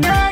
No.